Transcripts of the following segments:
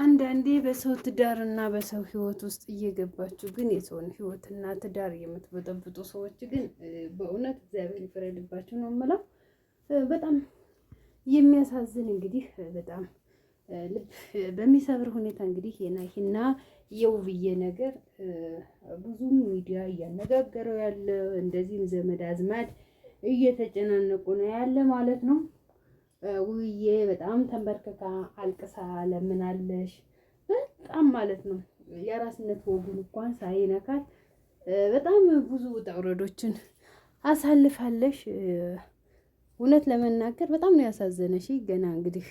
አንዳንዴ በሰው ትዳር እና በሰው ህይወት ውስጥ እየገባችሁ ግን የሰውን ህይወት እና ትዳር የምትበጠብጡ ሰዎች ግን በእውነት እግዚአብሔር ይፈረድባችሁ ነው የምለው። በጣም የሚያሳዝን እንግዲህ በጣም ልብ በሚሰብር ሁኔታ እንግዲህ የናሂና የውብዬ ነገር ብዙም ሚዲያ እያነጋገረው ያለ እንደዚህም ዘመድ አዝማድ እየተጨናነቁ ነው ያለ ማለት ነው። ውዬ በጣም ተንበርክካ አልቅሳ ለምናለሽ። በጣም ማለት ነው የአራስነት ወጉን እንኳን ሳይነካት በጣም ብዙ ውጣ ውረዶችን አሳልፋለሽ። እውነት ለመናገር በጣም ነው ያሳዘነሽ። ገና እንግዲህ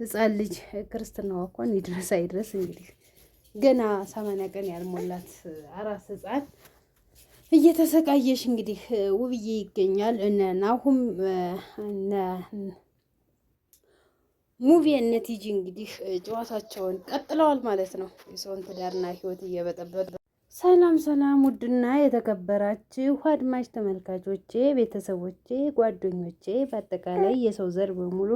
ህፃን ልጅ ክርስትናዋ እንኳን ይድረስ አይድረስ እንግዲህ ገና ሰማንያ ቀን ያልሞላት አራስ ህፃን። እየተሰቃየሽ እንግዲህ ውብዬ ይገኛል። እነ ናሁም እነ ሙቪ እነ ቲጂ እንግዲህ ጨዋታቸውን ቀጥለዋል ማለት ነው። የሰውን ትዳርና ህይወት እየበጠበጡ ሰላም ሰላም! ውድና የተከበራችሁ አድማጭ ተመልካቾቼ፣ ቤተሰቦቼ፣ ጓደኞቼ በአጠቃላይ የሰው ዘር በሙሉ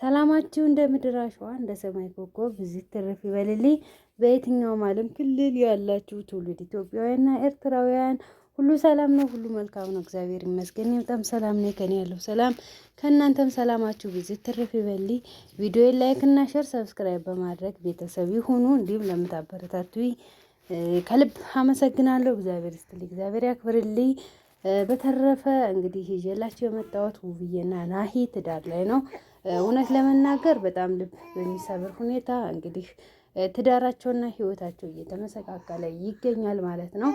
ሰላማችሁ እንደ ምድር አሸዋ እንደ ሰማይ ኮከብ ብዝት ትርፍ ይበልልኝ። በየትኛውም ዓለም ክልል ያላችሁ ትውልድ ኢትዮጵያውያንና ኤርትራውያን ሁሉ ሰላም ነው፣ ሁሉ መልካም ነው። እግዚአብሔር ይመስገን በጣም ሰላም ነው። ከኔ ያለው ሰላም ከእናንተም ሰላማችሁ ብዝት ትርፍ ይበልልኝ። ቪዲዮ ላይክ እና ሼር፣ ሰብስክራይብ በማድረግ ቤተሰብ ይሁኑ። እንዲሁም ለምታበረታቱኝ ከልብ አመሰግናለሁ። እግዚአብሔር ይስጥልኝ፣ እግዚአብሔር ያክብርልኝ። በተረፈ እንግዲህ ይዤላቸው የመጣሁት ውብዬና ናሂ ትዳር ላይ ነው። እውነት ለመናገር በጣም ልብ በሚሰብር ሁኔታ እንግዲህ ትዳራቸውና ህይወታቸው እየተመሰቃቀለ ይገኛል ማለት ነው።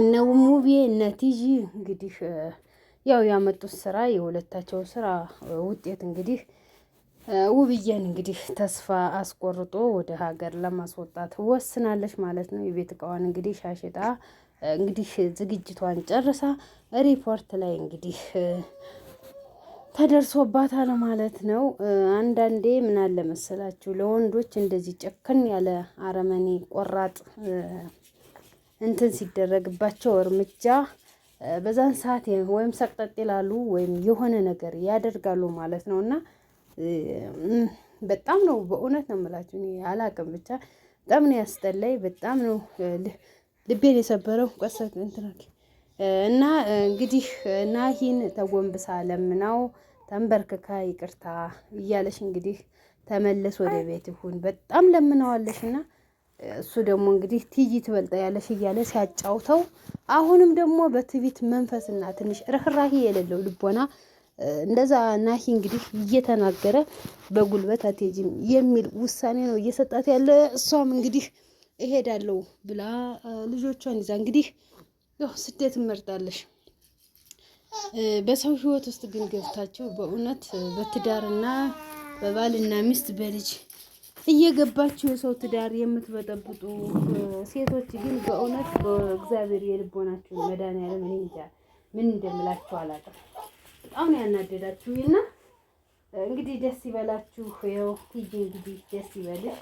እነ ሙቪ እነ ቲጂ እንግዲህ ያው ያመጡት ስራ የሁለታቸው ስራ ውጤት እንግዲህ ውብዬን እንግዲህ ተስፋ አስቆርጦ ወደ ሀገር ለማስወጣት ወስናለች ማለት ነው። የቤት እቃዋን እንግዲህ ሻሽጣ እንግዲህ ዝግጅቷን ጨርሳ ሪፖርት ላይ እንግዲህ ተደርሶባታል ማለት ነው። አንዳንዴ ምን አለ መሰላችሁ ለወንዶች እንደዚህ ጨክን ያለ አረመኔ ቆራጥ እንትን ሲደረግባቸው እርምጃ በዛን ሰዓት ወይም ሰቅጠጥ ይላሉ ወይም የሆነ ነገር ያደርጋሉ ማለት ነው። እና በጣም ነው በእውነት ነው የምላችሁ፣ አላቅም ብቻ በጣም ነው ያስጠላይ በጣም ነው ልቤን የሰበረው ቆሰት እንትናል እና እንግዲህ ናሂን ተጎንብሳ ለምናው ተንበርክካ ይቅርታ እያለሽ እንግዲህ ተመለስ ወደ ቤት ይሁን በጣም ለምነዋለሽ እና እሱ ደግሞ እንግዲህ ትይ ትበልጠ ያለሽ እያለ ሲያጫውተው አሁንም ደግሞ በትዕቢት መንፈስና ትንሽ ርኅራሄ የሌለው ልቦና እንደዛ ናሂ እንግዲህ እየተናገረ በጉልበት አትሄጂም የሚል ውሳኔ ነው እየሰጣት ያለ እሷም እንግዲህ እሄዳለሁ ብላ ልጆቿን ይዛ እንግዲህ ያው ስደት እመርጣለሽ። በሰው ህይወት ውስጥ ግን ገብታችሁ በእውነት በትዳርና በባልና ሚስት በልጅ እየገባችሁ የሰው ትዳር የምትበጠብጡ ሴቶች ግን በእውነት በእግዚአብሔር የልቦናችሁ መድኃኒዓለም እኔ እንጃ ምን እንደምላችሁ አላውቅም። በጣም ነው ያናደዳችሁ። ያናደዳችሁና እንግዲህ ደስ ይበላችሁ። ይኸው ሂጂ እንግዲህ ደስ ይበልሽ።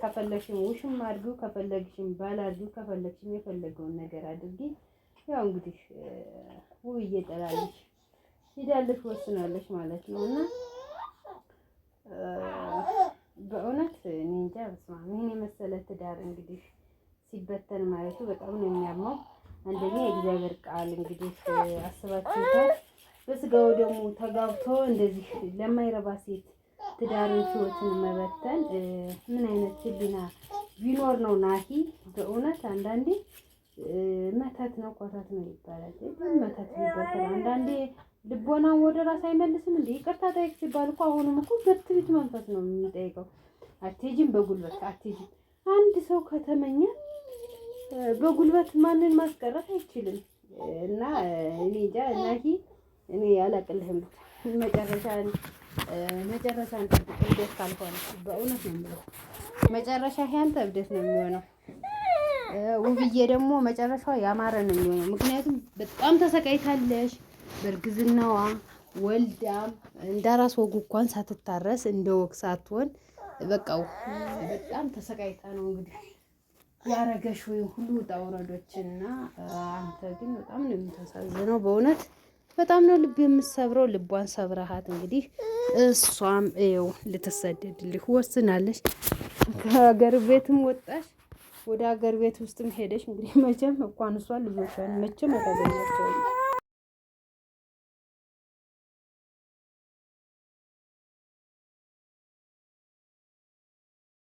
ከፈለግሽም ውሽም አድርጊው፣ ከፈለግሽም ባል አድርጊው፣ ከፈለግሽም የፈለገውን ነገር አድርጊ። ያው እንግዲህ ውብዬ ጠላለች ሂዳለች ወስናለች ማለት ነው እና በእውነት እኔ እንጃ በስመ አብ ይሄን የመሰለ ትዳር እንግዲህ ሲበተን ማለቱ በጣም ነው የሚያማው። አንደኛ የእግዚአብሔር ቃል እንግዲህ አስባችሁታል። በስጋው ደግሞ ተጋብቶ እንደዚህ ለማይረባ ሴት ትዳርን ህይወትን መበተን ምን አይነት ህሊና ቢኖር ነው? ናሂ በእውነት አንዳንዴ መተት ነው ኮተት ነው ይባላል። ግን መተት ይበተን አንዳንዴ ልቦናን ወደ ራስ አይመልስም። እንደ ይቅርታ ጠይቅ ሲባል እኮ አሁንም እኮ በትዕቢት መንፈስ ነው የሚጠይቀው። አትሄጂም በጉልበት አትሄጂም። አንድ ሰው ከተመኘ በጉልበት ማንን ማስቀረት አይችልም። እና እኔ እንጃ ናሂ፣ እኔ አላቅልህም ብቻ መጨረሻን መጨረሻን ጠብቅ። እብደት ካልሆነ በእውነት ነው የምለው መጨረሻ ያንተ እብደት ነው የሚሆነው። ውብዬ ደግሞ መጨረሻዋ ያማረ ነው የሚሆነው። ምክንያቱም በጣም ተሰቃይታለሽ በእርግዝናዋ ወልዳም እንዳራስ ወጉ እንኳን ሳትታረስ እንደ ወግ ሳትሆን በቃው በጣም ተሰቃይታ ነው እንግዲህ ያረገሽ ሁሉ ውጣ ውረዶችና አንተ ግን በጣም ነው የምታሳዝነው በእውነት በጣም ነው ልብ የምሰብረው። ልቧን ሰብረሃት እንግዲህ እሷም ው ልትሰደድልህ ወስናለች። ከሀገር ቤትም ወጣሽ ወደ ሀገር ቤት ውስጥም ሄደሽ እንግዲህ መቼም እንኳን እሷን ልጆቿን መቼም አታገኛቸውም።